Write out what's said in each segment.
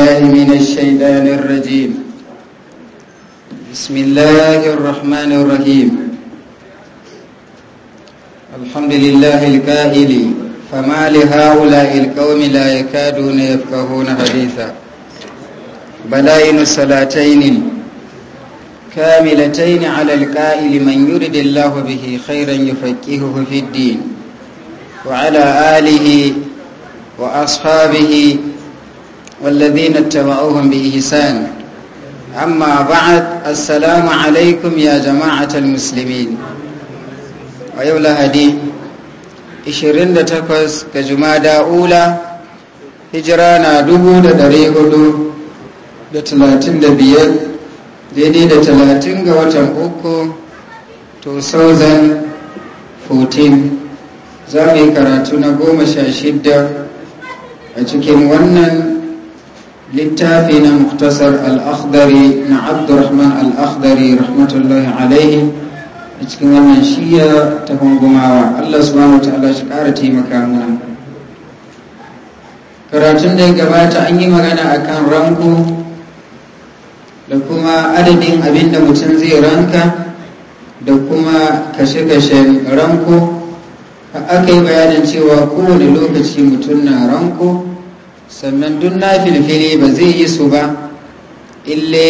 بالله من الشيطان الرجيم بسم الله الرحمن الرحيم الحمد لله الكاهلي فما لهؤلاء القوم لا يكادون يفقهون حديثا بلاين الصلاتين كاملتين على القائل من يرد الله به خيرا يفقهه في الدين وعلى آله وأصحابه والذين اتبعوهم بإحسان أما بعد السلام عليكم يا جماعة المسلمين ويولا هدي 28 ga jumada ula hijira na 435 daidai da 30 ga watan uku 2014 za mu yi karatu na goma sha shidda a cikin wannan littafi na muktasar al'akhdari na abdurrahman al'akhdari rahmatullahi alaihi a cikin wannan shiya ta hungumawa allah subhanahu wa ta'ala shi ƙara taimaka mana karatun da ya gabata an yi magana akan rango da kuma adadin abin da mutum zai ranka da kuma kashe-kashen ranko aka yi bayanin cewa kowane lokaci mutum na ranko sannan duk na filfili ba zai yi su ba ille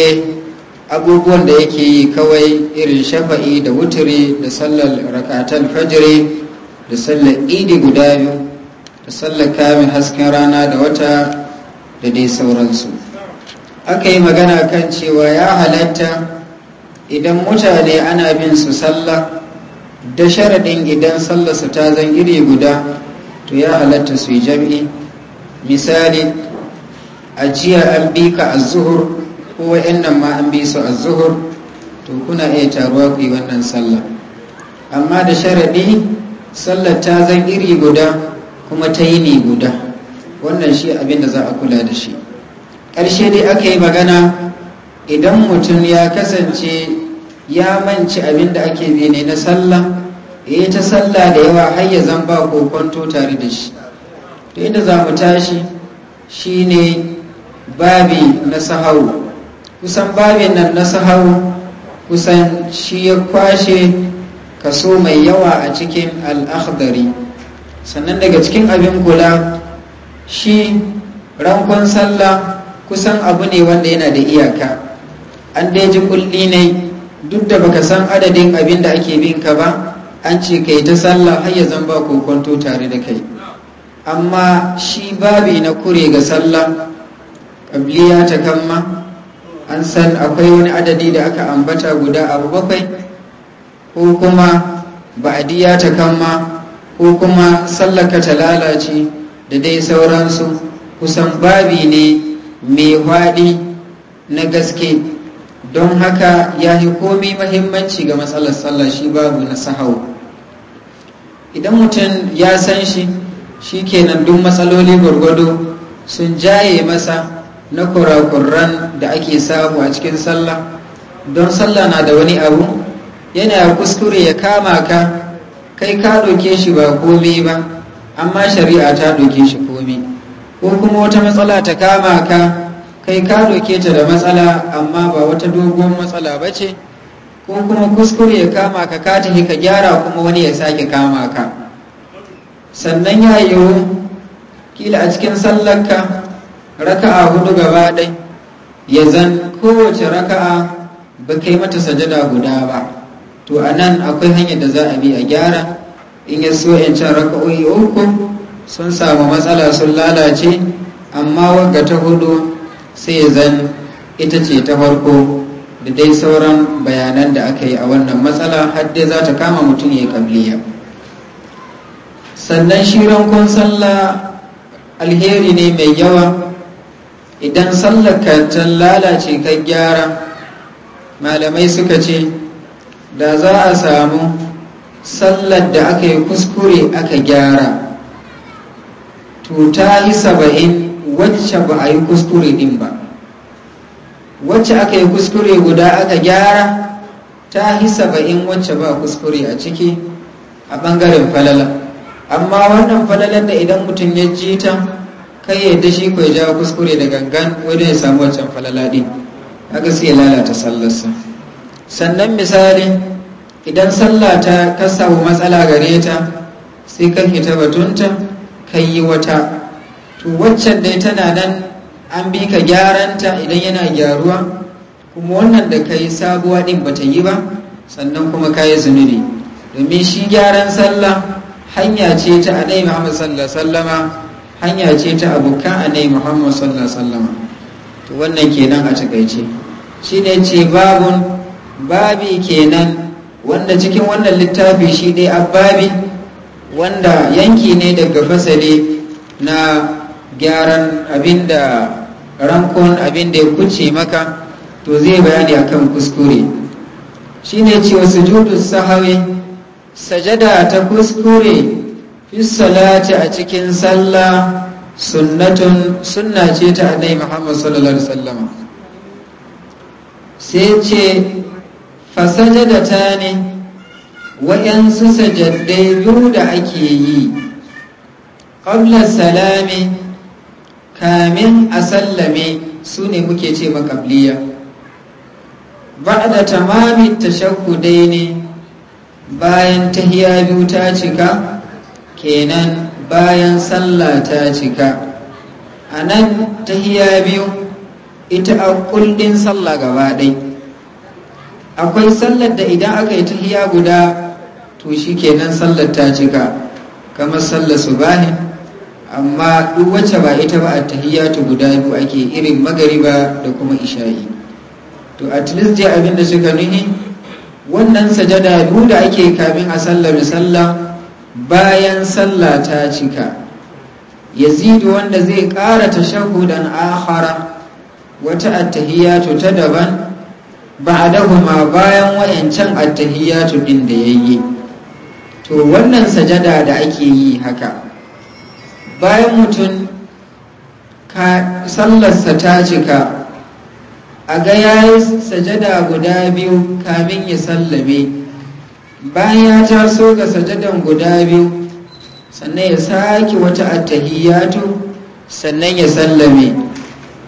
abubuwan da yake yi kawai irin shafa'i da wuturi da sallar rakatan fajiri da sallar idi guda biyu da sallar kamin hasken rana da wata da dai sauransu aka yi magana kan cewa ya halatta idan mutane ana bin su sallah da sharaɗin idan sallarsu ta zan iri guda to ya halatta su yi jam'i misali a jiya an bi ka a zuhur, ko wa'annan ma an bi su a zuhur, to kuna iya taruwa ku yi wannan sallah amma da sharaɗi sallah ta zan iri guda kuma ta yi ne guda wannan shi abin da za a kula da shi ƙarshe dai aka yi magana idan mutum ya kasance ya manci abin da ake bene na sallah ya ta sallah da yawa har ya zan ba kwanto tare da shi to inda za mu tashi shine babi na sahau kusan babin nan na sahau kusan shi ya kwashe kaso mai yawa a cikin al'akhdari sannan daga cikin abin kula shi rankon sallah kusan abu ne wanda yana da iyaka an dai ji kulli ne duk da baka san adadin abin da ake bin ka ba an ce kai ta sallah har ya zan ba kokonto tare da kai amma shi babi na kure ga sallah ƙabliya ta kamma an san akwai wani adadi da aka ambata guda abu bakwai ko kuma ba'adiyya ta kamma ko kuma sallaka ta lalace da dai sauransu kusan babi ne mai faɗi na gaske don haka ya yi komi mahimmanci ga matsalar sallah shi babu na sahau idan mutum ya san shi shi kenan duk matsaloli gwargwado sun jaye masa na kurakuran da ake samu a cikin sallah don sallah na da wani abu yana kuskure ya kama ka kai ka ɗauke shi ba komai ba amma shari'a ta ɗauke shi komai ko kuma wata matsala ta kama ka kai ka ɗauke ta da matsala amma ba wata dogon matsala ba ce ko kuma kuskure ya kama ka ka tafi ka gyara kuma wani ya sake kama ka sannan ya yiwu kila a cikin sallaka raka'a hudu gaba ɗai ya zan kowace raka'a ba kai mata sajada guda ba to a nan akwai hanyar da za a bi a gyara in ya so can raka'o'i uku sun samu matsala sun lalace amma wagga ta hudu sai ya zan ita ce ta farko da dai sauran bayanan da aka yi a wannan matsala har dai za ta kama mutum ya yi kabliya. sannan shi rankon sallah alheri ne mai yawa idan sallar ta lalace ka gyara malamai suka ce da za a samu sallar da aka yi kuskure aka gyara to ta yi saba'in wacce ba a yi kuskure din ba wacce aka yi kuskure guda aka gyara ta yi saba'in wacce ba kuskure a ciki a ɓangaren falala amma wannan falalar da idan mutum ya ji ta kai ya da shi ko ya jawo kuskure da gangan wani ya samu wancan falala din haka sai ya lalata sallarsa sannan misali idan sallah ta ka matsala gare ta sai ka fita batunta ka yi wata to waccan dai tana nan an bi ka gyaran ta idan yana gyaruwa kuma wannan da ka sabuwa din bata yi ba sannan kuma ka zunubi domin shi gyaran sallah hanya ce ta anai muhammad sallallahu sallama hanya ce ta abokan anai muhammad sallallahu sallama to wannan kenan a takaice shi ne ce babun babi kenan wanda cikin wannan littafi shi dai abbabi wanda yanki ne daga fasali na gyaran abinda rankon abinda ya kuce maka to zai bayani akan kuskure shi ne ce wasu judu sahawi sajada ta kuskure fi salati a cikin sallah sunnatun sunna ce ta annabi Muhammad sallallahu alaihi wasallam sai ce fasajada ta ne waɗansu sajaddai biyu da ake yi ƙablar salami kamin a sallame su ne muke ce makabliya ba da tamamin dai ne bayan tahiya ta cika kenan bayan sallah ta cika a nan tahiya biyu ita a kullin sallah gaba ɗai akwai sallar da idan aka yi tahiya guda to shi kenan sallar ta cika kamar su bani amma duk wacce ba ita ba a tahiyatu guda biyu ake irin magariba da kuma isha'i to at least dai abinda suka nuhi wannan sajada biyu da ake kamin a sallar sallah bayan sallah ta cika yazidu wanda zai ƙara tashahudan akhara wata attahiyatu ta daban ba a ba'dahuma bayan wayancan attahiyatu din da yi. to wannan sajada da ake yi haka bayan mutum sallarsa ta cika a ga ya yi sajada guda biyu kamin ya sallame bayan ya taso ga sajadan guda biyu sannan ya sake wata attahiyatu sannan ya sallame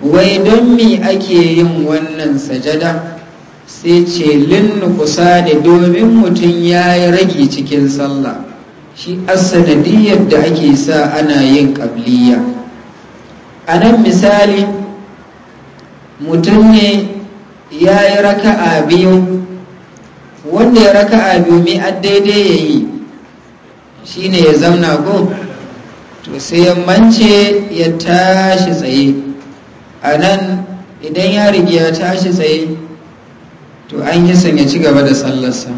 wai don me ake yin wannan sajada sai ce linnukusa da domin mutum ya yi rage cikin sallah shi asanadiyar da ake sa ana yin ƙabliya a nan misali mutum ne ya yi raka'a biyu wanda ya raka'a biyu mai daidai ya yi shi ne ya zauna ko to sai ya mance ya tashi tsaye a nan idan ya rigi ya tashi tsaye to an yi ya ci gaba da sallarsa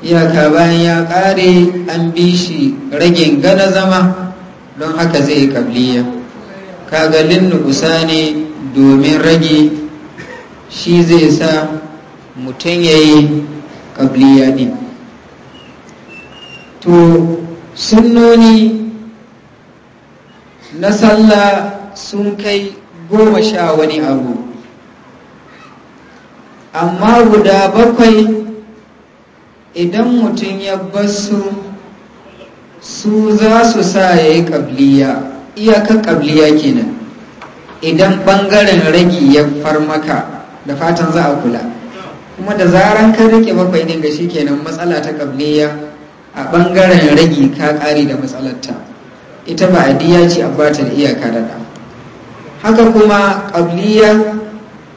iyaka bayan ya kare an bi shi ragin gana zama don haka zai kabliya kagalin nukusa ne domin rage shi zai sa mutum ya yi ƙabliya ɗin to sunnoni na sallah sun kai goma sha wani abu amma guda bakwai idan mutum ya basu su za su sa ya yi ƙabliya iyakar ƙabliya kenan idan bangaren ragi ya farmaka da fatan za a kula kuma da zaran ka rike bakwai ɗin ga shi kenan matsala ta ƙabliya a bangaren ragi ka ƙari da matsalarta ita ba diya ce abata da iyaka da haka kuma kabliya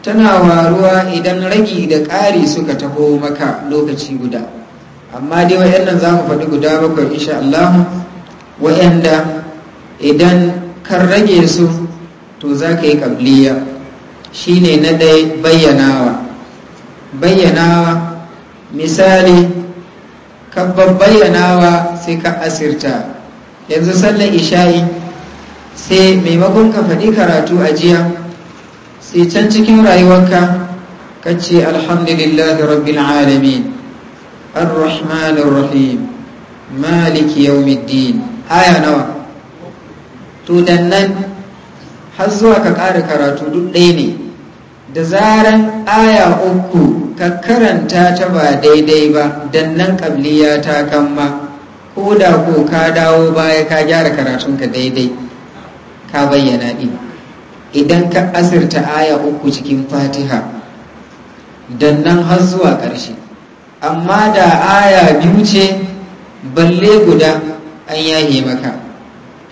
tana waruwa idan ragi da ƙari suka taho maka lokaci guda amma dai wayannan za mu faɗi guda bakwai insha Allah waɗanda idan kan rage su to za ka yi ƙabliya shi ne na ɗaya bayyanawa bayyanawa misali ka bayyanawa sai ka asirta yanzu sallar isha'i sai maimakon ka faɗi karatu a jiya sai can cikin rayuwarka ka ce alhamdulillah rabbil alamin ar-rahman rahim maliki yawmiddin haya nawa to har zuwa ka ƙara karatu duk ɗaya ne da zaren aya uku ka karanta ta ba daidai ba dan nan ƙabliya ta ma, ko da ko ka dawo baya ka gyara karatunka daidai ka bayyana ɗi idan ka asirta aya uku cikin fatiha dan nan har zuwa ƙarshe amma da aya biyu ce balle guda an yahe maka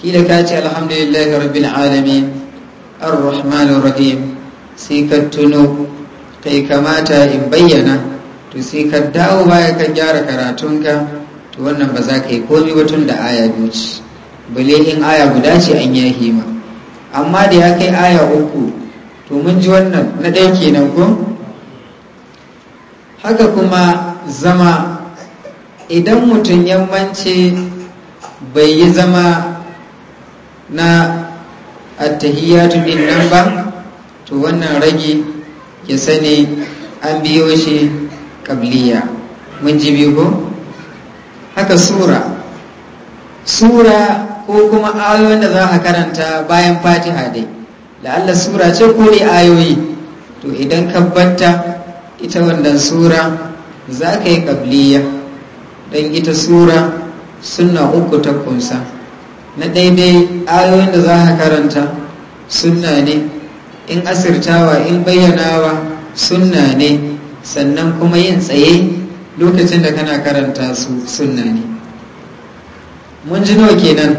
kila ka ce alhamdulillahi rabbil alamin ar-rahmanur rahim sai ka tuno kai kamata in bayyana to sai ka dawo baya ka gyara karatunka to wannan ba za ka yi komi ba tun da aya biyu ce bale in aya guda ce an ya hima amma da ya kai aya uku to mun ji wannan na ɗaya kenan ko haka kuma zama idan mutum yammance bai yi zama na attahiyatu bin nan ba to wannan rage ya sani an biyo shi kabliya mun ji biyu haka sura sura ko kuma ayoyin da za ka karanta bayan fatiha dai la'alla sura ce ko ne ayoyi to idan ka batta ita wannan sura za ka yi kabliya don ita sura suna uku ta kunsa na daidai ayoyin da za a karanta sunna ne in asirtawa in bayyanawa sunna ne sannan kuma yin tsaye lokacin da kana karanta su sunna ne mun ji nawa kenan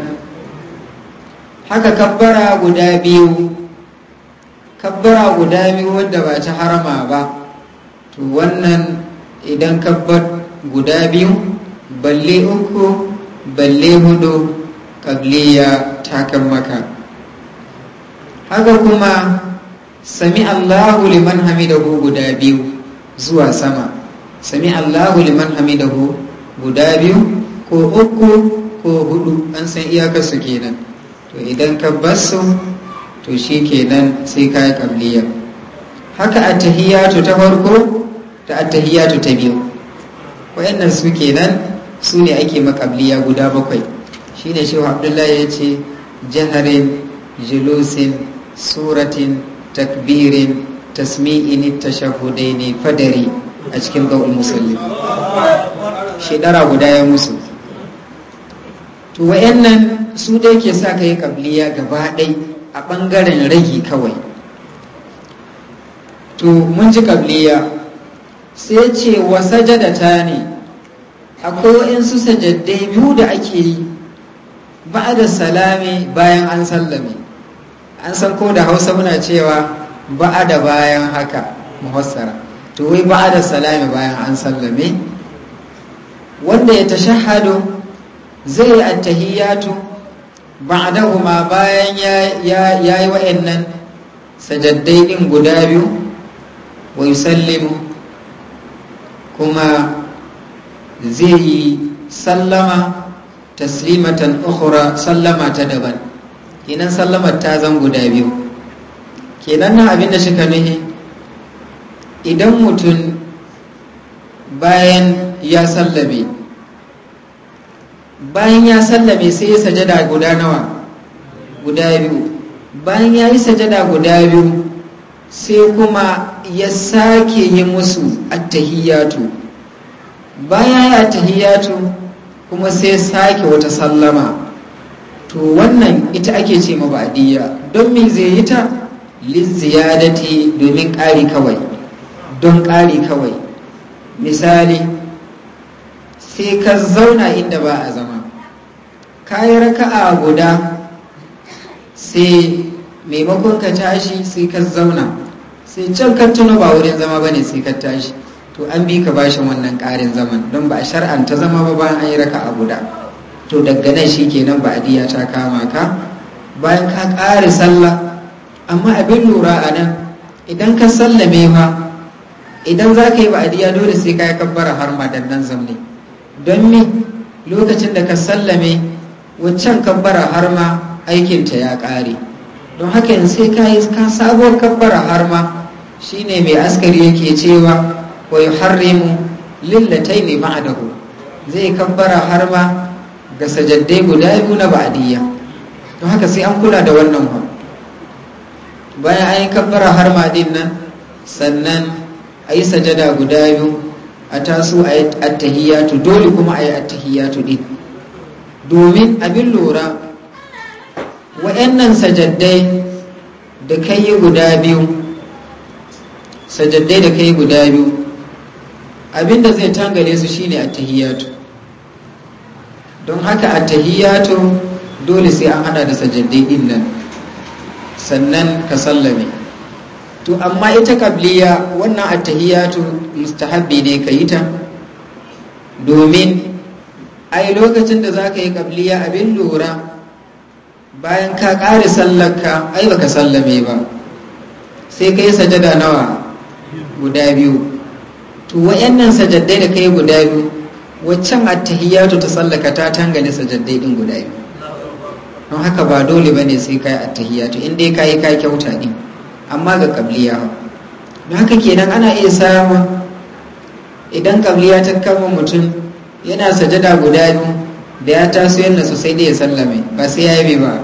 haka kabbara guda biyu kabbara guda biyu wadda ba ta harama ba to wannan idan kabbar guda biyu balle uku balle hudu qabliya ta kan maka haka kuma sami Allahu liman hamidahu guda biyu zuwa sama sami Allahu liman hamidahu guda biyu ko uku ko hudu an san su kenan to idan ka basu to shi kenan sai ka yi haka attahiyatu ta farko da attahiyatu ta biyu wayannan su kenan su ne ake makabliya guda bakwai Shi ne shehu abdullahi ya ce jaharin julusin suratin takbirin tasmi'in tashahudaini fadari a cikin ga'ul musulmi shekara guda ya musu to wayannan su dai ke sa ka yi kabliya gaba ɗai a ɓangaren ragi kawai to mun ji kabliya sai ce wa sajadata ne akwai su sajaddai biyu da ake yi ba'da salami bayan an sallame an san ko da hausa muna cewa ba'da bayan haka muhassara to wai ba'da salami bayan an sallame wanda ya tashahhadu zai yi attahiyatu ba'dahuma bayan ya yi wa'annan sajaddai din guda biyu wa yusallimu kuma zai yi sallama taslimatan ukhra sallama ta daban kenan sallamar ta zan guda biyu kenan na abin da shika nuhi idan mutum bayan ya sallame bayan ya sallame sai ya sajada guda nawa guda biyu bayan ya yi sajada guda biyu sai kuma ya sake yi musu attahiyatu bayan ya attahiyatu kuma sai sake wata sallama to wannan ita ake ce mabadiya don me zai yi ta liziyadati domin ƙari kawai don ƙari kawai misali sai ka zauna inda ba a zama kayi raka'a guda sai maimakon ka tashi sai ka zauna sai can ka tuna ba wurin zama bane sai ka tashi to an bi ka bashin wannan karin zaman don ba a shar'anta zama ba bayan an yi raka a guda to daga nan shi kenan ba adiya ta kama ka bayan ka ƙare sallah amma abin lura a nan idan ka sallame ba, idan za ka yi ba'adiyya dole sai ka yi kabbara har madannan zamani don me lokacin da ka sallame waccan kabbara har ma aikinta ya ƙare don haka yanzu sai ka yi ka sabuwar kabbara har ma shine mai askari yake cewa wa yuharrimu lillataini ba'dahu zai kabbara har ma ga sajaddai guda biyu na ba'diyya to haka sai an kula da wannan ba bayan an yi kabbara har ma din nan sannan a yi sajada guda biyu a taso a yi attahiyatu dole kuma a yi attahiyatu din domin abin lura wa'annan sajaddai da kai guda biyu sajaddai da kai guda biyu abinda zai tangare su shine attahiyatu don haka attahiyatu dole sai an hada da sajadai din sannan ka sallame to amma ita kabliya wannan attahiyatu mustahabbi ne ka yi ta domin ai lokacin da za ka yi kabliya abin lura bayan ka ƙare sallarka ai baka sallame ba sai ka yi sajada nawa guda biyu to wayannan sajaddai da kai guda biyu waccan attahiyatu ta sallaka ta tangane sajaddai din guda biyu don haka ba dole ba ne sai kai attahiyatu in dai kai ka kyauta din amma ga kabliya don haka kenan ana iya samun idan kabliya ta kama mutum yana sajada guda biyu da ya taso yana sosai da ya sallame ba sai ya yi ba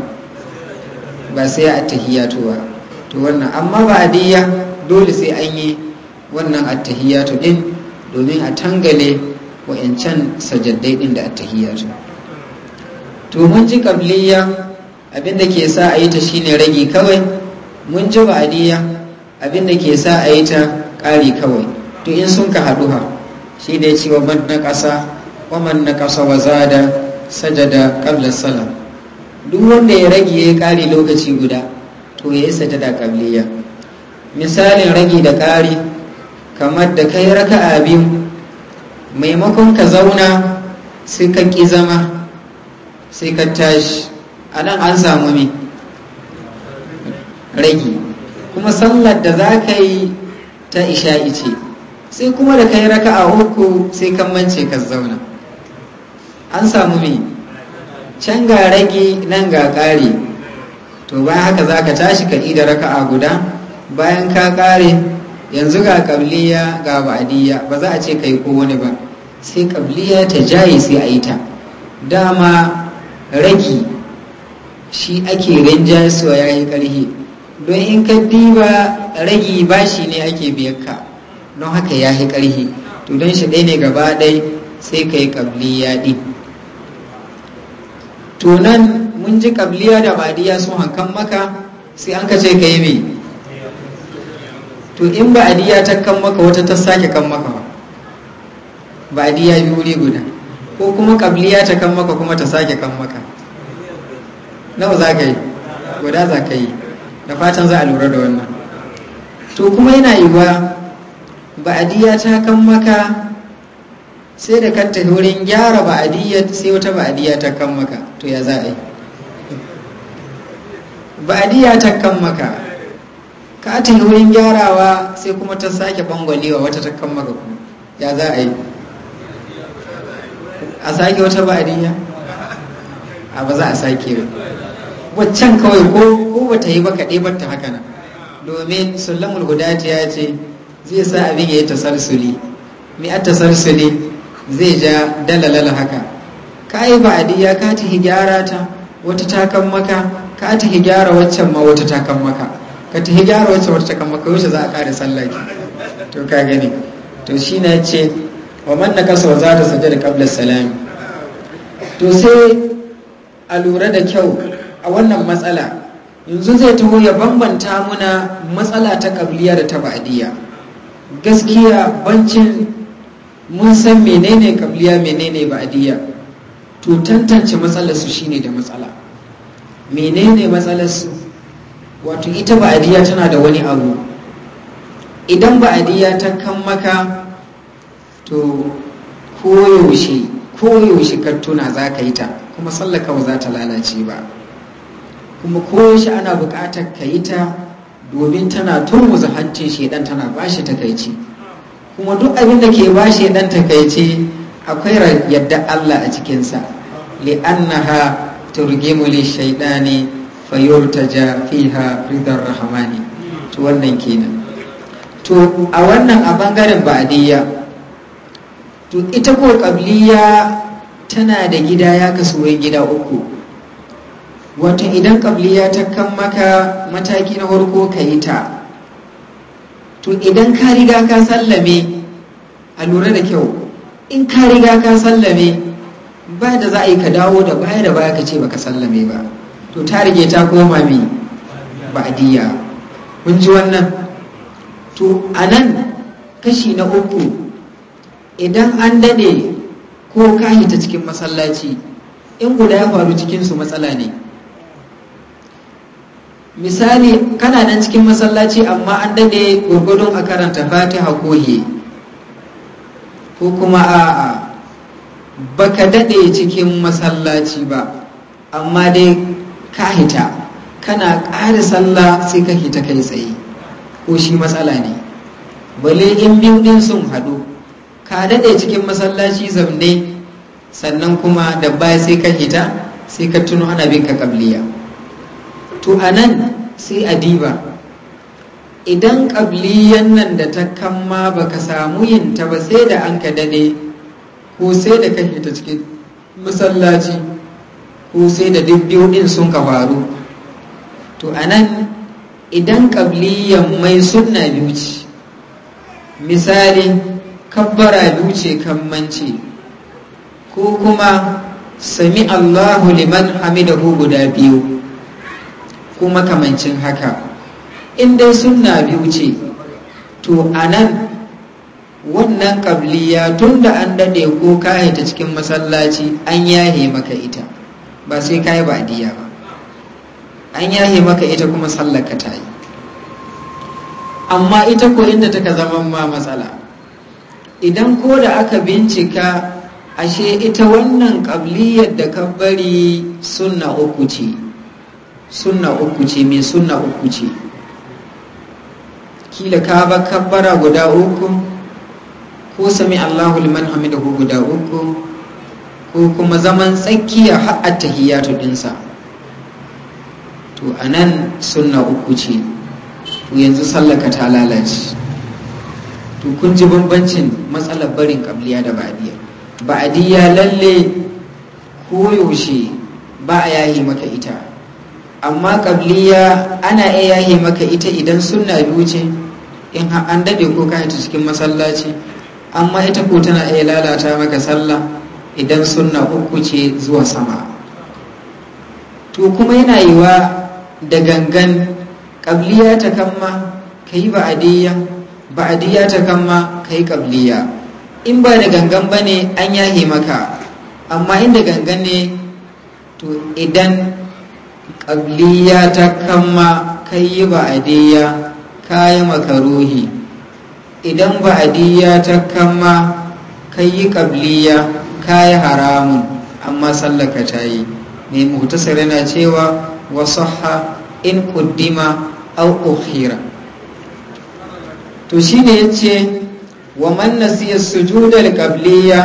ba sai ya attahiyatu ba to wannan amma ba adiyya dole sai an yi wannan attahiyatu din domin a tangale wa'ancan sajaddai din da attahiyatu to mun ji qabliya abinda ke sa a yi ta shine ragi kawai mun ji ba'diya abinda ke sa a yi ta ƙari kawai to in sun ka haɗuha, shi ne cewa man na ƙasa wa man na ƙasa wa zada sajada qabla salam duk wanda ya rage ya ƙari lokaci guda to ya yi sajada qabliya misalin ragi da ƙari kamar da kai raka'a biyu maimakon ka zauna sai ka ƙi zama sai ka tashi a nan an samu mai ragi kuma sallar da za ka yi ta isha ce sai kuma da kai a uku sai kan mance ka zauna an samu mai can ga rage nan ga ƙare to bayan haka za ka tashi ka da raka a guda bayan ka ƙare yanzu ga kabliya ga ba'adiyya ba za a ce kai ko wani ba sai kabliya ta jaye sai a yi ta dama ragi shi ake rinjaye su ya yi ƙarhi don in ka diba ragi bashi ne ake biyarka don haka ya yi ƙarhi to don shi ɗaya ne gaba ɗai sai ka yi kabliya ɗin to nan mun ji kabliya da ba'adiyya sun hankan maka sai an ka ce ka yi mai to in ba diya ta kan maka wata ta sake kan maka ba ba diya biyu wuri guda ko kuma kabliya ta kan maka kuma ta sake kan maka nawa za ka yi guda za ka yi da fatan za a lura da wannan to kuma yana a ba'adiyya ta kan maka sai da kanta wurin gyara ba'adiyya sai wata ba'adiyya ta kan maka to ya za a yi ba'adiyya ta kan maka katin wurin gyarawa sai kuma ta sake bangwalewa wata ta kammala ku? ya za a yi a sake wata ba'adiyya a ba za a sake ba waccan kawai ko ba ta yi ba kaɗe ba ta haka nan domin sullan gudati ya ce zai sa abin ya yi tasarsuli mai a tasarsuli zai ja dalalal haka ka yi ba'adiyya ka ta gyara ta wata ta maka ka ta gyara waccan ma wata ta maka ka tafi gyara wacce wacce kan maka wuce za a ƙara sallah ki to ka gani to shi na ce wa man na kasa za ta sajada kabla salami to sai a lura da kyau a wannan matsala yanzu zai taho ya bambanta muna matsala ta kabliya da ta ba'adiyya gaskiya bancin mun san menene kabliya menene ba'adiyya to tantance matsalarsu shine da matsala menene matsalarsu wato ita ba'adiyya tana da wani abu idan ba'adiyya ta kan maka to koyaushe koyaushe ka tuna za ka yi ta kuma sallaka ba za ta lalace ba kuma koyaushe ana buƙatar ka yi ta domin tana turmuza hancin shaidan tana ba shi takaici kuma duk abinda ke ba shaidan takaici akwai yadda Allah a cikinsa li'annaha turgimu li shaidani ta fi ha ridar rahamani. to wannan kenan to a wannan a bangaren ba'adiyya to ita ko qabliya tana da gida ya kasu wai gida uku wato idan qabliya ta kan maka mataki na farko kayi ta to idan ka riga ka sallame a lura da kyau in ka riga ka sallame ba da za a yi ka dawo da baya da baya ka ce baka sallame ba to ta rige ta koma mai ba'adiyya kun ji wannan to a nan kashi na uku idan an dade ko ka hita cikin masallaci in guda ya faru cikinsu matsala ne misali kana nan cikin masallaci amma an dade gurgudun a karanta fatiha ko he ko kuma a'a baka dade cikin masallaci ba amma dai ka hita kana ƙara sallah sai ka hita kai tsaye ko shi matsala ne bale in biyu ɗin sun haɗu ka daɗe cikin masallaci zaune sannan kuma da baya sai ka hita sai ka tuno ana bin ka ƙabliya to a nan sai a diba idan ƙabliyan nan da ta kama ba ka samu yin ta ba sai da an ka daɗe ko sai da ka hita cikin masallaci ko sai da biyu din sun kafaru to anan idan ƙabliyan mai sunna biyu ce misali kabbara biyu ce kammanci ko kuma sami allahu liman hamidahu guda biyu kuma kamancin haka in dai sunna biyu ce to anan wannan ƙabliya tunda an dade ko ta cikin masallaci an yahe maka ita ba sai ka yi badiya ba an yahe maka ita kuma sallaka ta yi amma ita ko inda taka zama ma matsala idan ko da aka bincika ashe ita wannan ƙabliyar da ka bari suna uku ce suna uku ce mai sunna uku ce kila ka ba kabbara guda uku ko sami allahu liman hamidahu guda uku ko kuma zaman tsakiya har a dinsa to a nan suna uku ce to yanzu sallaka ta lalace to kun ji bambancin matsalar barin kabliya da ba'adiyya ba'adiyya lalle koyaushe ba a yahi maka ita amma kabliya ana iya yahi maka ita idan suna biyu ce in an dade ko ka cikin masallaci amma ita ko tana iya lalata maka sallah idan sunna uku ce zuwa sama to kuma yana yiwa da gangan ƙabliya ta kamma ka yi ba'adiyya ba'adiyya ta kamma ka yi ƙabliya in ba da gangan ba ne an yahe maka amma inda gangan ne to idan ƙabliya ta kamma ka yi ba'adiyya ka yi makaruhi idan ba'adiyya ta kamma ka yi ƙabliya Ta yi haramun amma sallaka ta yi mai mutasa yana cewa wasu ha in kuddima au ukhira to shi ne ya ce, wa man nasiya sujudal kabliya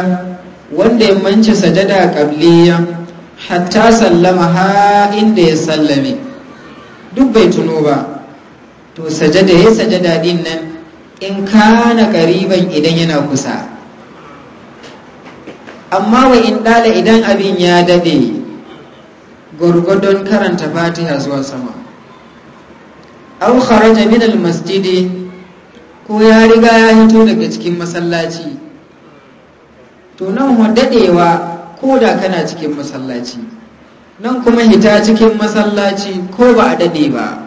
wanda ya manci sajada kabliya hatta sallama ha inda ya sallame duk bai tuno ba to sajada ya sajada din nan in kana kariban idan yana kusa amma wa in dala idan abin ya dade gurgudun karanta fatiha zuwa sama au kharaja min masjid ko ya riga ya hito daga cikin masallaci to nan ho dadewa ko da kana cikin masallaci nan kuma hita cikin masallaci ko ba a dade ba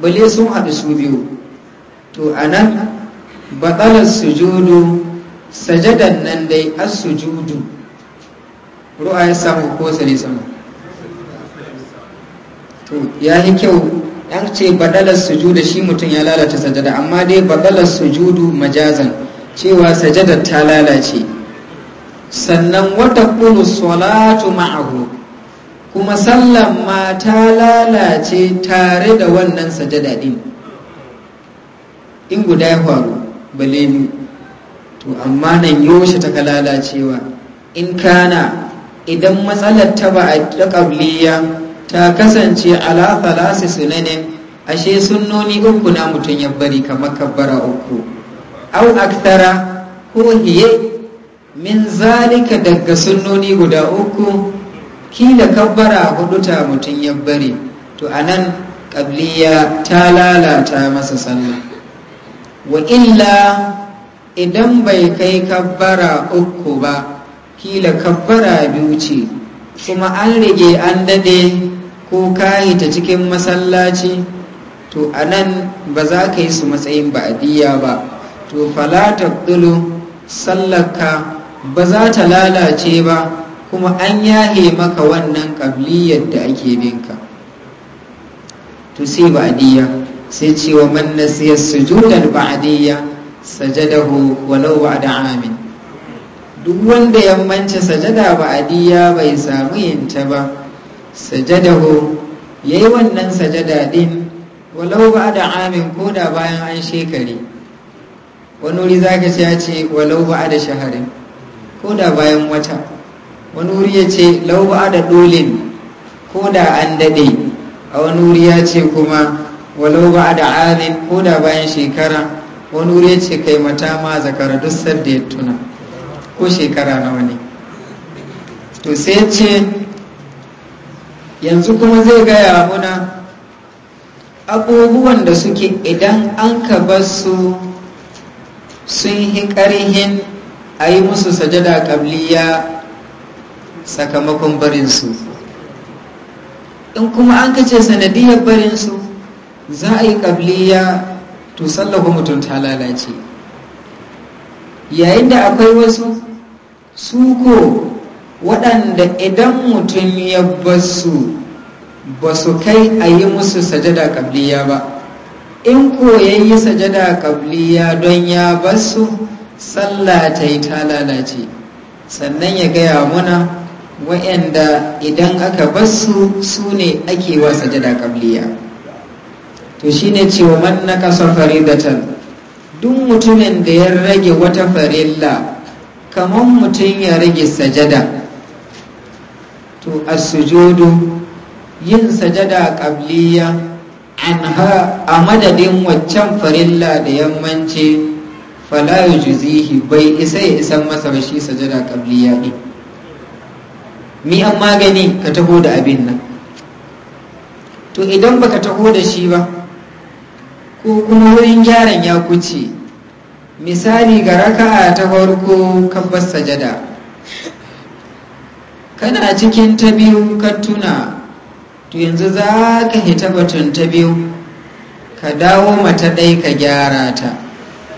bale sun haɗu su biyu to anan batsalar sujudu sajadan nan dai as-sujudu ruwa ya samu ko ne sama to ya yi kyau yan ce badalar sujuda shi mutum ya lalata sajada amma dai badalar sujudu majazan cewa sajada ta lalace sannan wata kulu salatu ma'ahu kuma sallan ma ta lalace tare da wannan sajada din in guda ya faru bale to amma nan yoshe ta lalacewa in kana idan matsalar ta ba a ƙabliya ta kasance ala thalasi sunane ashe sunnoni uku na mutum ya bari kamar kabbara uku au aktara ko hiye min zalika daga sunnoni guda uku kila kabbara hudu ta mutum ya bari to anan ƙabliya ta lalata masa sallah wa illa idan bai kai kabbara uku ba kila kabbara biyu ce kuma an rige an dade ko kayi ta cikin masallaci to a nan ba za ka yi su matsayin ba'adiyya ba to falata ɗulu sallaka ba za ta lalace ba kuma an yahe maka wannan ƙabliyar da ake binka to sai ba'adiyya sai cewa man nasiyar sujudar ba'adiyya sajadahu walau ba'da amin duk wanda yammanci sajada ba'adiyya bai samu yinta ba sajadahu yayi wannan sajada din walau ba da amin ko da bayan an shekari wani wuri za ka ce ya ce walau ba da shaharin ko da bayan wata wani wuri ya ce lau ba da dolin ko da an daɗe a wani wuri ya ce kuma walau ba da amin ko da bayan shekara wani wuri ya ce kai mata ma zakara duk sadda ya tuna ko shekara nawa ne to sai ce yanzu kuma zai gaya muna abubuwan da suke idan an ka basu sun yi karihin a yi musu sajada ƙabliya sakamakon barinsu in kuma an kace sanadiyar barinsu za a yi ƙabliya to sallafa mutum ta lalace yayin da akwai wasu suko waɗanda idan mutum ya basu ba su kai a yi musu sajada kabliya ba in ko ya yi sajada kabliya don ya basu sallah ta yi ta lalace sannan ya gaya muna wa'yanda idan aka basu su ne ake wa sajada kabliya to shi ne cewa man na da faridatan duk mutumin da ya rage wata farilla kamar mutum ya rage sajada to a sujudu yin sajada ƙabliya anha a madadin waccan farilla da yammanci falayu juzihi bai isa ya isan masa ba shi sajada ƙabliya ɗin mi an magani ka taho da abin nan to idan baka taho da shi ba ko kuma wurin gyaran ya kuce misali ga raka'a ta farko kabbar sajada kana cikin ta biyu ka tuna to yanzu za ka hita batun ta biyu ka dawo mata ɗai ka gyara ta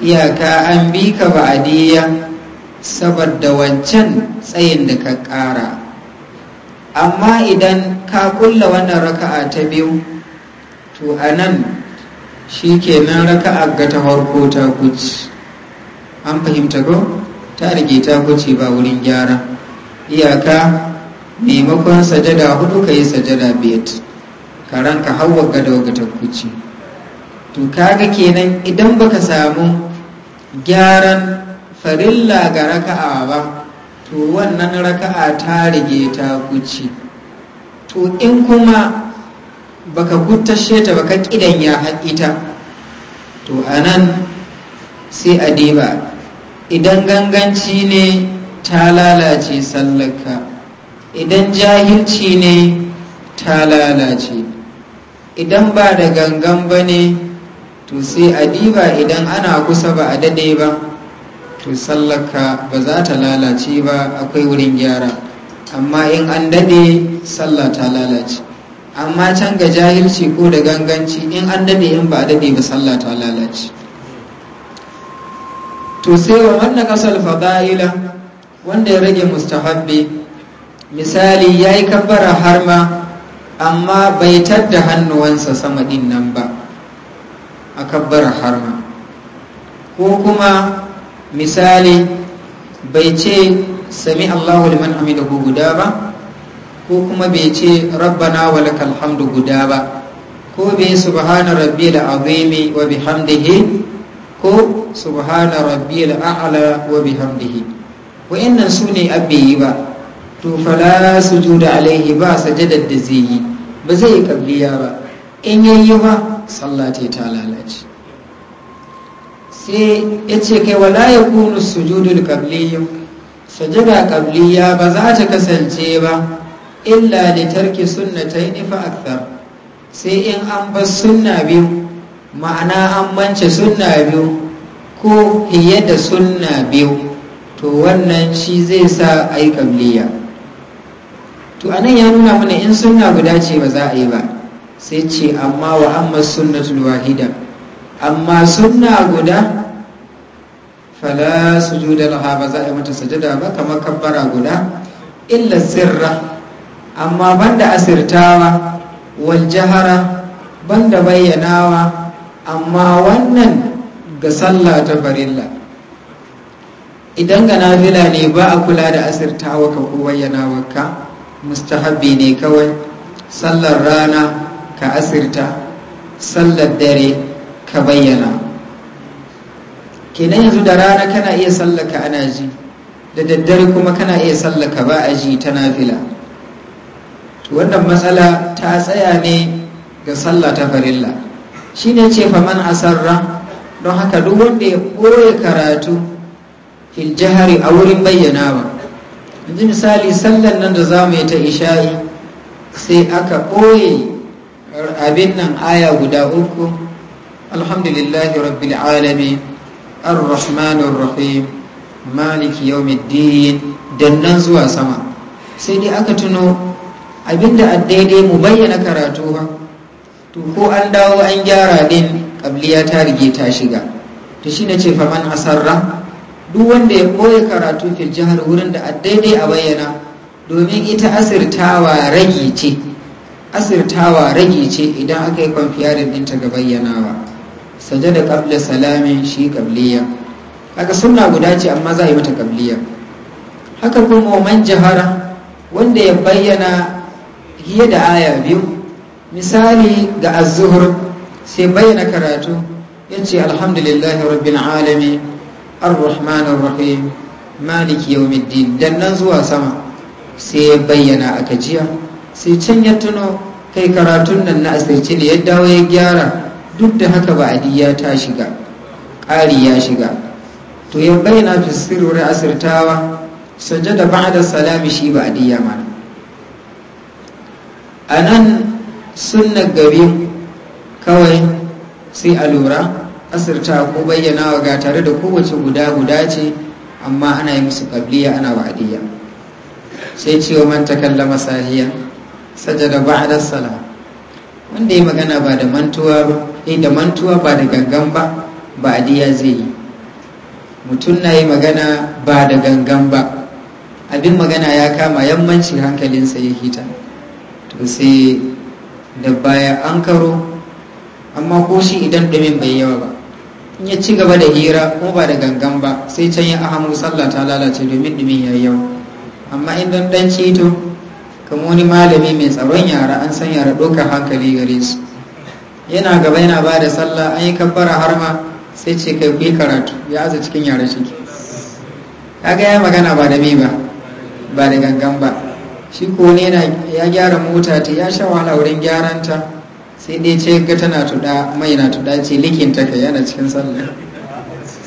iyaka an bi ka ba a ba'adiyya saboda wancan tsayin da ka ƙara amma idan ka kulla wannan raka'a ta biyu to a nan shi kenan raka'a ga ta farko ta kuci an fahimta ko ta rage ta wuce ba wurin gyara iyaka maimakon sajada hudu ka yi sajada biyar ka ranka hawa ga daga takkuci to kaga kenan idan baka samu gyaran farilla ga raka'a ba to wannan raka'a ta rage ta to in kuma baka guttashe ta baka kidan ya haƙita to anan sai a diba idan ganganci ne ta lalace sallaka idan jahilci ne ta lalace idan ba da gangan ba ne to sai a diba idan ana kusa ba a dade ba to sallaka ba za ta lalace ba akwai wurin gyara amma in an dade sallah ta lalace amma can ga jahilci ko da ganganci in an dade in ba a dade ba sallah ta lalace to sai wa man nakasal fada'ila wanda ya rage mustahabbi misali yayi kabbara harma amma bai tadda hannuwansa sama din nan ba a kabbara harma ko kuma misali bai ce sami Allahu liman hamidahu guda ba ko kuma bai ce rabbana wa lakal hamdu guda ba ko bai subhana rabbil azimi wa bihamdihi ko subhana rabbi a'la wa bihamdihi wa'annan su ne abbe yi ba to fala da alaihi ba sajadar da zai yi ba zai yi kabliya ba in yayi ba sallah ta lalace sai ya ce kai wala ya kunu sujudul qabliyu sajada qabliya ba za ta kasance ba illa da tarki yi nifa akthar sai in an ba sunna biyu ma'ana an bance sunna biyu ko fiye da sunna biyu to wannan shi zai sa a yi kabliya to anan ya nuna mana in sunna guda ce ba za a yi ba sai ce amma wa amma sunnatul wahida amma sunna guda fala sujuda laha ba za a yi mata sajada ba kamar kabbara guda illa sirra amma banda asirtawa wal jahara banda bayyanawa amma wannan ga sallah ta farilla idan ga nafila ne ba a kula da asirtawa ka bayyana ka mustahabbi ne kawai sallar rana ka asirta sallar dare ka bayyana kenan yanzu da rana kana iya sallaka ana ji da daddare kuma kana iya sallaka ba a ji ta nafila wannan matsala ta tsaya ne ga sallah ta farilla shi ya ce faman asarra don haka duk wanda ya ɓoye karatu fil jihari a wurin bayyana ba. yanzu misali sallan nan da za mu yi ta isha'i sai aka ɓoye abin nan aya guda uku alhamdulillahi rabbil alami ar-rahmanir rahim maliki yawmiddin dan nan zuwa sama sai dai aka tuno abinda a daidai mu bayyana karatu ba to ko an dawo an gyara din kabliya ta rige ta shiga to shine ce faman asarra duk wanda ya koya karatu fil jihar wurin da daidai a bayyana domin ita asirtawa rage ce asirtawa rage ce idan aka yi kwamfiyarin ɗinta ga bayyanawa sajada qabla salamin shi kabliya haka sunna guda ce amma za a yi mata kabliya haka kuma man jahara wanda ya bayyana hiya da aya biyu misali ga azuhur sai bayyana karatu ya ce alhamdulillahi rabbin alami ar-rahmanir rahim maliki yawmiddin dan nan zuwa sama sai ya bayyana a kajiya sai can ya tuno kai karatun nan na asirci ne ya dawo ya gyara duk da haka ba adiya ta shiga ƙari ya shiga to ya bayyana fisirurin asirtawa sajada ba da salami shi ba adiya mana a nan sunnar gari kawai sai a lura asirta ko bayyana wa ga tare da kowace guda guda ce amma ana yi musu kabliya ana wa'adiyya sai manta wa man takallama sahiya sajada ba'da sala wanda ya magana ba da mantuwa ba eh da mantuwa ba da gangan ba ba'adiyya zai yi mutum na yi magana ba da gangan ba abin magana ya kama yammanci hankalinsa ya hita to sai da baya an karo amma ko shi idan ɗumin bai yawa ba in ya ci gaba da hira ko ba da gangan ba sai can ya ahamu sallah ta lalace domin ɗumin ya yawa amma in don ɗan cito kamar wani malami mai tsaron yara an san yara ɗaukar hankali gare su yana gaba yana ba da sallah an yi kabbara har ma sai ce kai kuyi karatu ya aza cikin yara ciki kaga ya magana ba da me ba ba da gangan ba shi ko wani ya gyara mota ta ya sha wahala wurin gyaran ta sai dai ce ga tana tuda mai na tuda ce ta ka yana cikin sallah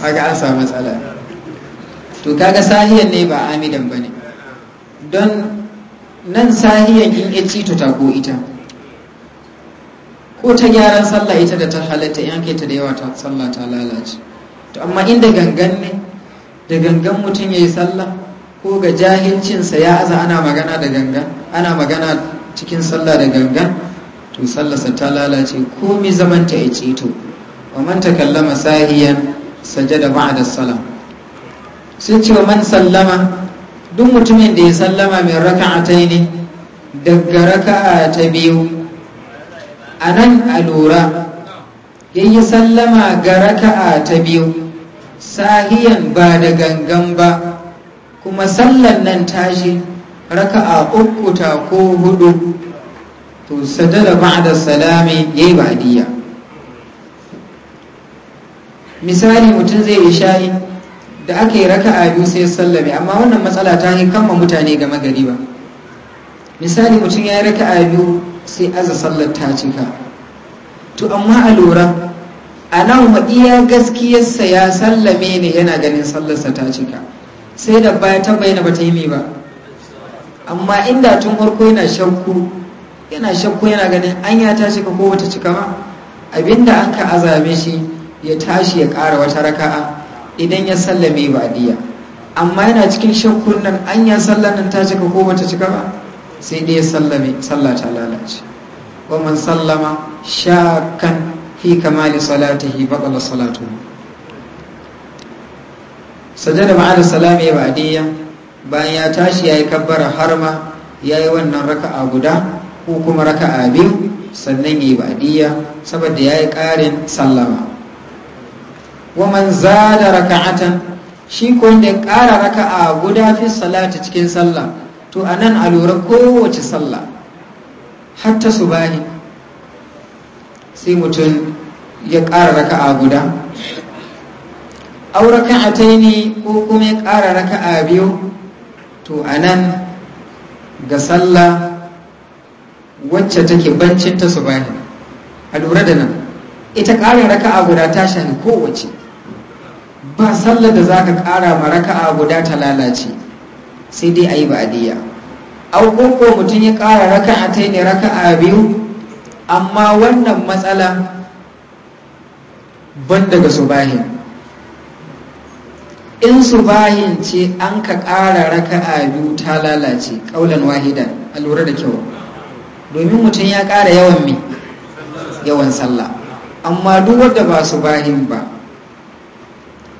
haka an samu matsala to kaga sahiyan ne ba amidan bane don nan sahiyan in ya ci ta ko ita ko ta gyaran sallah ita da ta halatta yanke ta da yawa ta sallah ta lalace to amma inda gangan ne da gangan mutum ya yi sallah ko ga jahilcinsa ya aza ana magana da gangan ana magana cikin sallah da gangan to sallarsa ta lalace ko mi zaman ta ya ceto wa man kallama sahiyan sajada ba'da salam sun ce wa man sallama duk mutumin da ya sallama mai raka'atai ne daga raka'a ta biyu a nan a lura Ya yi sallama ga raka'a ta biyu sahiyan ba da gangan ba kuma sallan nan tashi raka'a uku ta ko hudu to sadada ba'da salami ya yi badiya misali mutum zai yi shayi da aka yi raka'a biyu sai sallame amma wannan matsala ta yi kama mutane game gari ba misali mutum ya yi raka'a biyu sai aza sallar ta cika to amma a lura a nan iya gaskiyarsa ya sallame ne yana ganin sallarsa ta cika sai da baya ta bayyana ba ta yi mai ba amma inda tun farko yana shakku yana shakku yana ganin an ya tashi ka ko wata cika ba abinda an ka azabe shi ya tashi ya ƙara wata raka'a idan ya sallame ba diya amma yana cikin shakkun nan an ya nan ta cika ko wata cika ba sai dai ya sallame sallah ta lalace wa man sallama shakkan fi kamali salatihi baqala salatuhu sajada salam ya badiya bayan ya tashi ya yayi kabbara harma yi wannan raka'a guda ko kuma raka'a biyu sannan ya yi badiya saboda ya yi ƙarin sallama wa man zada raka'atan shi ko wanda ya ƙara raka'a guda fi salati cikin sallah to anan a lura kowace sallah hatta subahi sai mutum ya ƙara raka'a guda ta ne ko kuma ya ƙara raka'a biyu to a nan ga sallah wacce take bancin ta subahi a lura da nan ita ƙarin raka'a guda ta shani kowace ba sallar da za ka ƙara ma raka'a guda ta lalace sai dai a yi ba'adiyya au ko mutum ya ƙara a ta ne raka'a biyu amma wannan matsala ban daga su bahin in su subahin ce an ka ƙara raka'a biyu ta lalace ƙaulan wahida a lura da kyau domin mutum ya ƙara yawan mi yawan sallah amma duk wadda ba su subahin ba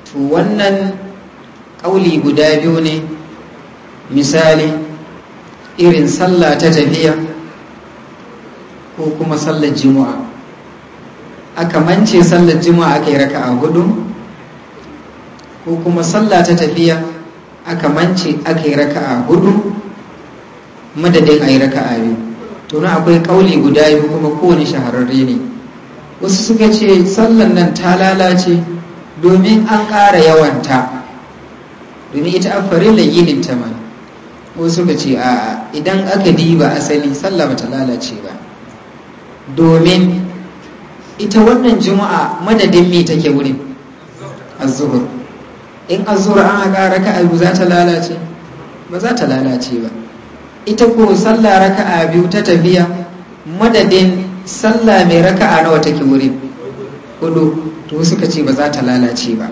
to wannan ƙauli guda biyu ne misali irin sallah ta tafiya ko kuma sallar jima'a aka mance sallar jima'a aka yi raka'a gudun. ko kuma sallah ta tafiya aka mance aka yi raka'a hudu madadin a yi raka'a biyu to na akwai kauli guda biyu kuma kowane shahararre ne wasu suka ce sallan nan ta lalace domin an ƙara yawanta domin ita a farilla yi ta ma wasu suka ce a idan aka diba asali sallah bata lalace ba domin ita wannan juma'a madadin me take wurin zuhur. in zura an ƙara ka biyu za ta lalace ba za ta lalace ba ita ko sallah a biyu ta tafiya madadin sallah mai raka a nawa take wuri hudu to suka ce ba za ta lalace ba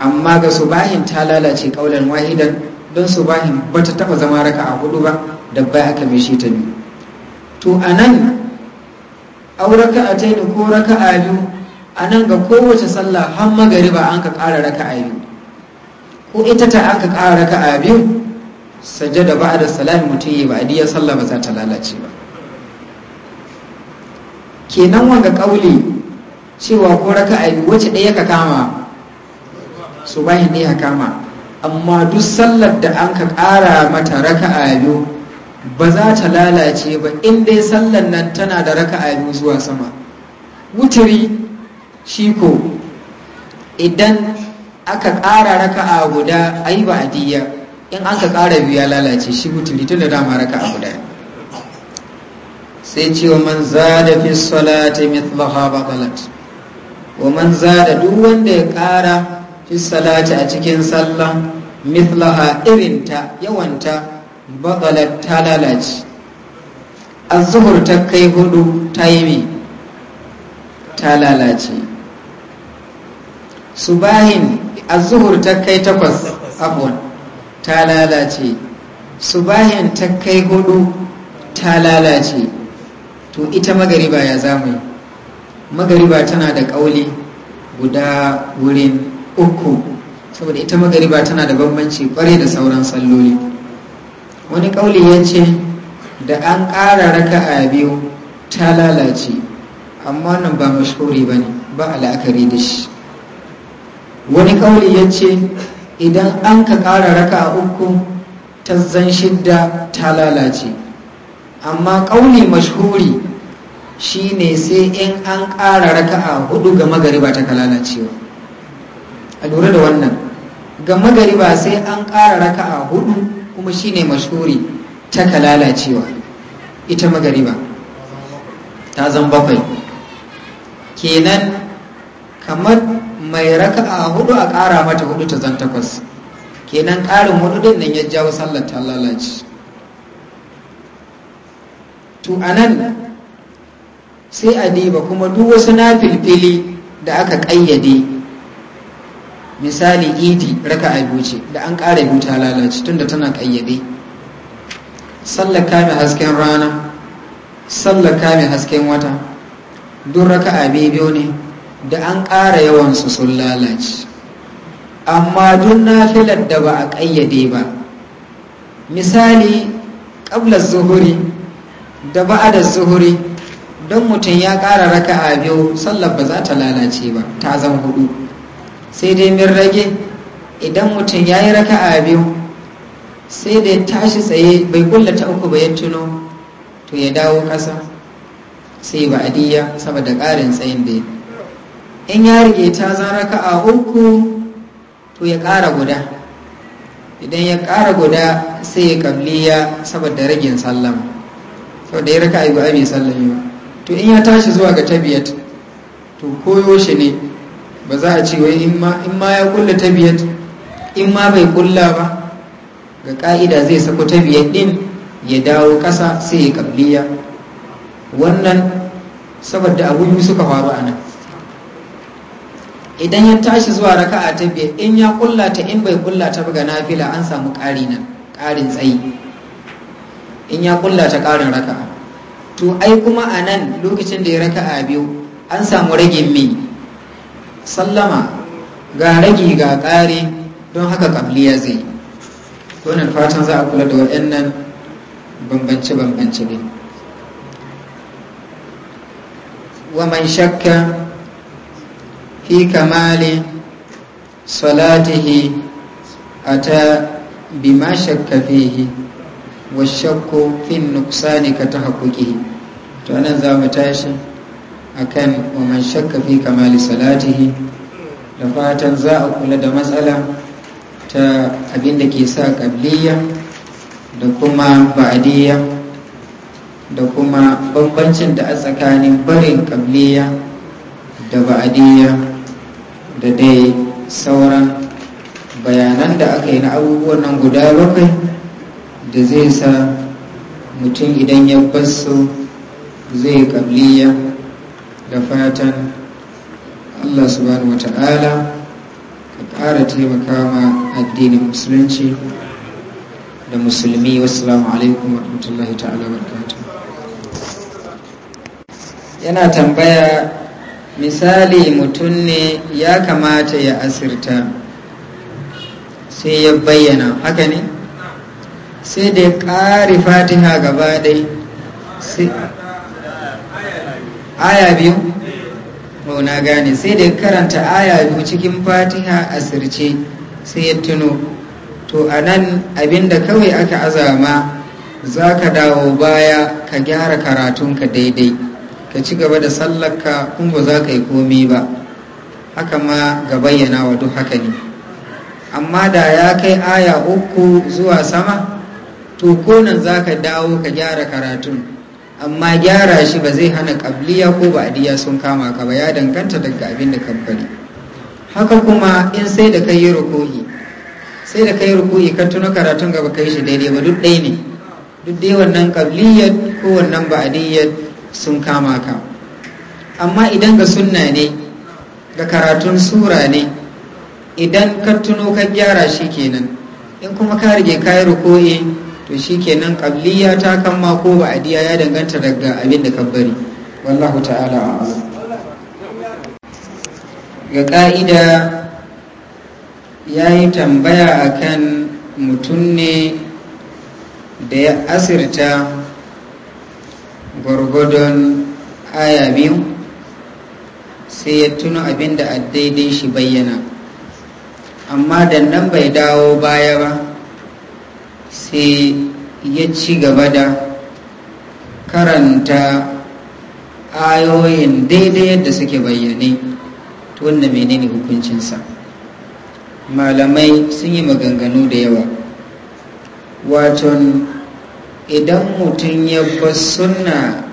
amma ga su subahin ta lalace kaulan wahidan don su subahin ba ta taba zama raka a hudu ba da bai aka mishi ta biyu to anan auraka a ko raka a biyu a nan ga kowace sallah har magariba an ka ƙara raka a biyu ko ita ta an ka ƙara raka a biyu da ba a da salami mutum yi ba a diyar sallah ba za ta lalace ba kenan wanga ƙauli cewa ko raka a biyu wacce ɗaya ka kama su bayan ne ka kama amma duk sallar da an ka ƙara mata raka a biyu ba za ta lalace ba in dai sallar nan tana da raka a biyu zuwa sama wuturi shi ko idan aka ƙara raka a guda ai ba adiya in aka ƙara biya lalace shi wuturi tun da dama a guda sai ce wa man zada fi salati mithlaha batalat wa man zada duk wanda ya ƙara fi salati a cikin sallah mithlaha irinta yawanta batalat ta lalace az-zuhur ta kai hudu ta yi ta lalace subahin azuhur ta kai takwas abuwan ta lalace subahin ta kai hudu ta lalace to ita magariba ya zamu magariba tana da kauli guda wurin uku saboda ita magariba tana da bambanci kwarai da sauran salloli wani kauli ya ce da an ƙara a biyu ta lalace amma wannan ba mashhuri ba ne ba la'akari da shi wani kauli ya ce idan an ka ƙara raka a uku ta zan shidda ta lalace amma kauli mashhuri shine sai in an ƙara raka a hudu ga magariba ta lalacewa a lura da wannan ga magariba sai an ƙara raka a hudu kuma shine mashhuri ta lalacewa ita magariba ta zan bakwai kenan kamar mai raka a hudu a ƙara mata hudu ta zan takwas kenan ƙarin hudu din nan ya jawo sallar ta lalace to anan sai a diba kuma duk wasu na filfili da aka ƙayyade misali idi raka a buce da an ƙara yi ta lalace tunda tana ƙayyade sallar kame hasken rana sallar kame hasken wata duk raka'a biyu ne da an ƙara yawansu sun lalace amma duk nafilar da ba a ƙayyade ba misali ƙablar zuhuri da ba'adar zuhuri don mutum ya ƙara raka a biyu sallar ba za ta lalace ba ta zan hudu sai dai min rage idan mutum ya yi raka a biyu sai dai tashi tsaye bai kulla ta uku ba ya tuno to ya dawo ƙasa sai ba'adiyya saboda ƙarin tsayin da ya in ya rike ta zan a uku to ya ƙara guda idan ya ƙara guda sai ya ya saboda ragin sallama sau da ya yi guda mai sallami to in ya tashi zuwa ga tabiyat to koyo shi ne ba za a ce wai in ma ya kulla tabiyat in ma bai kulla ba ga ka'ida zai sako tabiyat din ya dawo kasa sai ya ya wannan saboda abu yi suka faru a nan idan ya tashi zuwa raka'a ta biyar in ya kulla ta in bai kulla ta ga nafila an samu ƙari nan ƙarin tsayi in ya kulla ta ƙarin raka'a to ai kuma a nan lokacin da ya raka'a biyu an samu ragin mai sallama ga ragi ga ƙari don haka ya zai donar fatan za a kula da waɗannan bambance-bambance ne wa man shakka fi kamali salatihi ata bima shakka fihi wa shakku fin nuksani ka ta haƙuƙi to nan za mu tashi akan waman shakka fi kamali salatihi da fatan za a kula da matsala ta abin da ke sa ƙabliya da kuma ba'adiyya da kuma bambancin da a tsakanin barin ƙabliya da ba'adiyya da dai sauran bayanan da aka yi na abubuwan nan guda bakwai da zai sa mutum idan ya basu zai kabliya da fatan allah subhanahu wa ta'ala ka ƙara taimaka ma addinin musulunci da musulmi wasu alaikum wa rahmatullahi ta'ala wa yana tambaya misali mutum ne ya kamata ya asirta sai ya bayyana haka ne sai da ya ƙari fatiha gaba ɗai aya biyu na gane sai da ya karanta aya biyu cikin fatiha asirce sai ya tuno to a nan abinda kawai aka azama za ka dawo baya ka gyara karatunka daidai ka ci gaba da sallarka kun ba za ka yi komi ba haka ma ga bayyana wa duk haka ne amma da ya kai aya uku zuwa sama to konan za ka dawo ka gyara karatun amma gyara shi ba zai hana kabliya ko ba'adiyya sun kama ka ba ya danganta daga abin da kamfani haka kuma in sai da kai yi rukuhi sai da kai rukuhi ka tuna karatun gaba kai shi daidai ba duk ɗaya ne duk dai wannan kabliyar ko wannan ba'adiyar. sun kama ka amma idan ga sunna ne ga karatun sura ne idan ka tuno ka gyara shi kenan in kuma ka rige kayi ruko'i to shi kenan ƙabliya ta kama ko ba'adiya ya danganta daga abin da ka bari wallahu ta'ala ga ƙa'ida ya yi tambaya akan mutum ne da ya asirta gwargwadon aya biyu sai ya tuno abin da a daidai shi bayyana amma da nan bai dawo baya ba sai ya ci gaba da karanta ayoyin daidai yadda suke bayyane to wanda menene hukuncinsa malamai sun yi maganganu da yawa waton idan mutum ya ba suna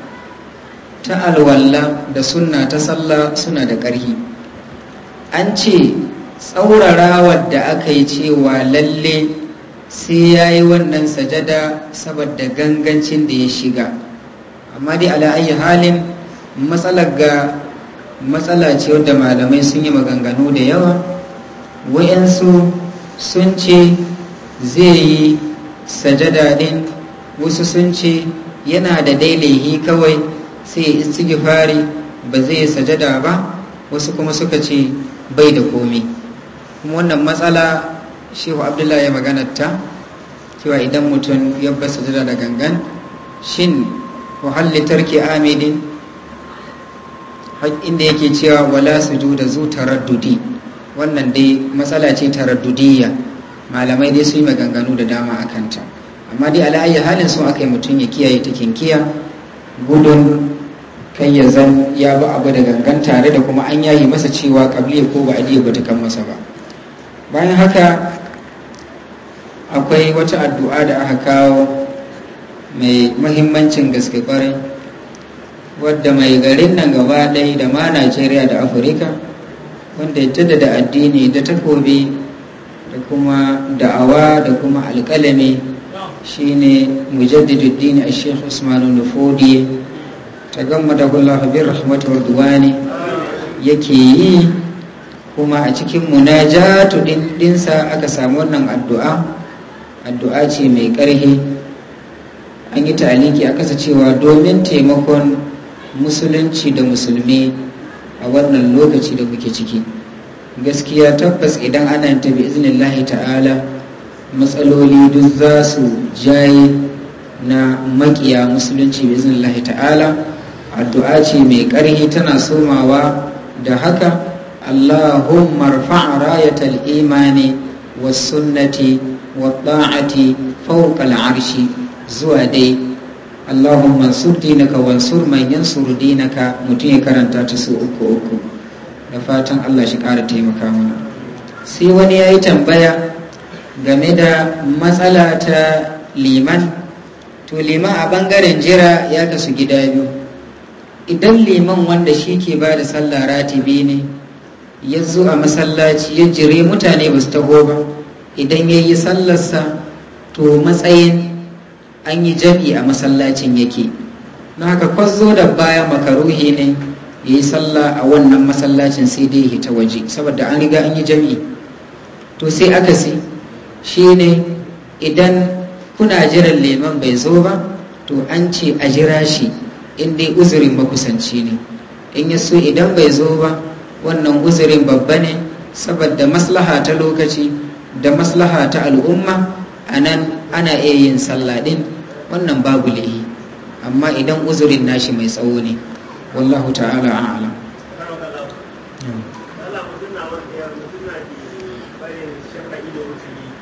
ta alwalla da suna ta sallah suna da ƙarfi, an ce tsaurarawar da aka yi cewa lalle sai ya yi wannan sajada saboda gangancin da ya shiga amma dai ala'ayi halin matsalar ga matsala ce wadda malamai sun yi maganganu da yawa wayansu sun ce zai yi sajada din wasu sun ce yana da dailaihi kawai sai istighfari ba zai sajada ba wasu kuma suka ce bai da komi kuma wannan matsala shehu abdullahi ya maganarta cewa idan mutum ya bar sajada da gangan shin wahalli tarki amidin inda yake cewa wala su da zu taraddudi wannan dai matsala ce taraddudiyya malamai dai su yi maganganu da dama a kanta amma dai ala'ayi halin sun aka yi mutum ya kiyaye ta kinkiya gudun kan ya zan ya ba abu da gangan tare da kuma an yayi masa cewa kabliya ko ba adiya ba ta kan masa ba bayan haka akwai wata addu'a da aka kawo mai mahimmancin gaske kwarai wadda mai garin nan gaba ɗaya da ma najeriya da afirka wanda ya da addini da takobi da kuma da'awa da kuma alƙalami Shi shine mujaddiduddin a sheikh usman nufodi ta gama da kullafa bin rahmatu yake yi kuma a cikin munajatu dinsa aka samu wannan addu'a addu'a ce mai ƙarhi an yi ta'aliki a kasa cewa domin taimakon musulunci da musulmi a wannan lokaci da muke ciki gaskiya tabbas idan ana ta bi iznillahi ta'ala matsaloli duk za su jaye na makiya musulunci bizin lahi ta'ala addu'a ce mai ƙarhi tana somawa da haka allahumma rfa'a rayatal imani was sunnati wa ta'ati fawqa al-arshi zuwa dai allahumma ansur dinaka wansur man yansur dinaka mutum ya karanta ta su uku uku da fatan Allah shi ƙara taimaka mana sai wani ya yi tambaya game da matsala ta liman to liman a bangaren jira ya kasu gida biyu idan liman wanda shi ke ba da sallah ratibi ne ya zo a masallaci ya jire mutane ba su taho ba idan ya yi sallarsa to matsayin an yi jam'i a masallacin yake na haka kwazo da baya makaruhi ne ya yi sallah a wannan masallacin sai dai hita waje saboda an riga an yi jam'i to sai aka si. Shi ne idan kuna jiran liman bai zo ba to an ce a jira shi inda dai uzurin makusanci ne in ya so idan bai zo ba wannan uzurin babba ne saboda maslaha ta lokaci da maslaha ta al'umma a nan ana iya yin salladin, wannan babu lihi amma idan uzurin nashi mai tsawo ne wallahu ta'ala a'lam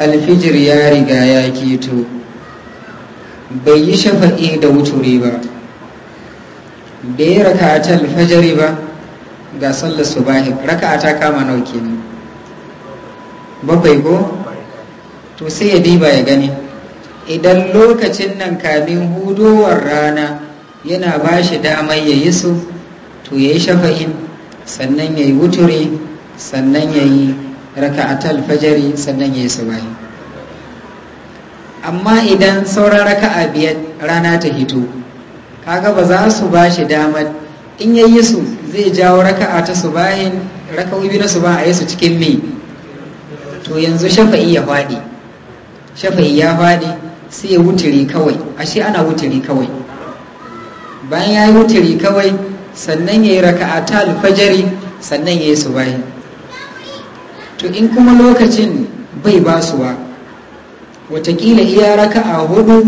alfijir ya riga ya keto bai yi shafa'i da wuturi ba da ya raka can alfajari ba ga sallar ba raka ta kama nauke ne bakwai ko to sai ya diba ya gani idan lokacin nan kamin hudowar rana yana ba shi damar ya yi su to ya yi shafa'in sannan ya yi wuturi sannan ya yi raka'atal fajari sannan ya yi bayi amma idan sauran raka'a biyar rana ta hito kaga ba za su ba shi damar in ya yi su zai jawo raka'a ta subahin raka'u biyu na ba a yi su cikin me to yanzu shafa'i ya faɗi shafa'i ya faɗi sai ya wutiri kawai ashe ana wutiri kawai bayan ya yi wutiri kawai sannan ya yi raka'a ta alfajari sannan ya yi subahin to in kuma lokacin bai basuwa watakila iya raka a hudu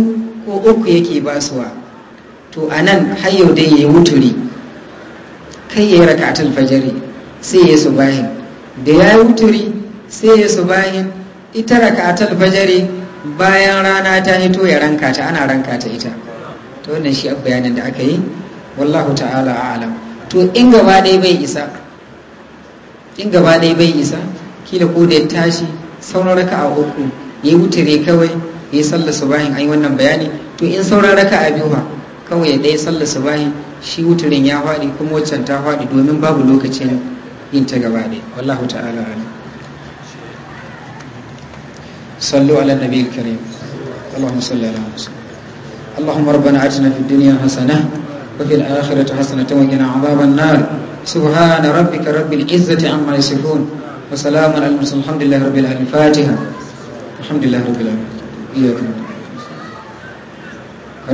ko uku yake basuwa to a nan hayo dai ya yi wuturi kai ya yi raka a fajari sai ya su bahin da ya yi wuturi sai ya su bahin ita raka a fajari bayan rana ta hito ya ranka ta ana ranka ta ita to wannan shi bayanin da aka yi wallahu ta'ala a'lam to in gaba dai bai isa in gaba ɗaya bai isa kila ko da ya tashi sauran raka a uku ya yi wutare kawai ya yi sallar subahin an yi wannan bayani to in sauran raka a biyu kawai ya ɗaya sallar subahin shi wutarin ya faɗi kuma waccan ta faɗi domin babu lokacin yin ta gaba ɗaya wallahu ta'ala alam sallu ala nabi karim اللهم صل على محمد اللهم ربنا a في الدنيا حسنه وفي الاخره حسنه وقنا عذاب النار سبحان ربك رب العزه عما يصفون وسلام على المرسلين الحمد لله رب العالمين فاتحة الحمد لله رب العالمين إياك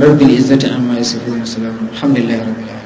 رب العزة عما يصفون وسلام الحمد لله رب العالمين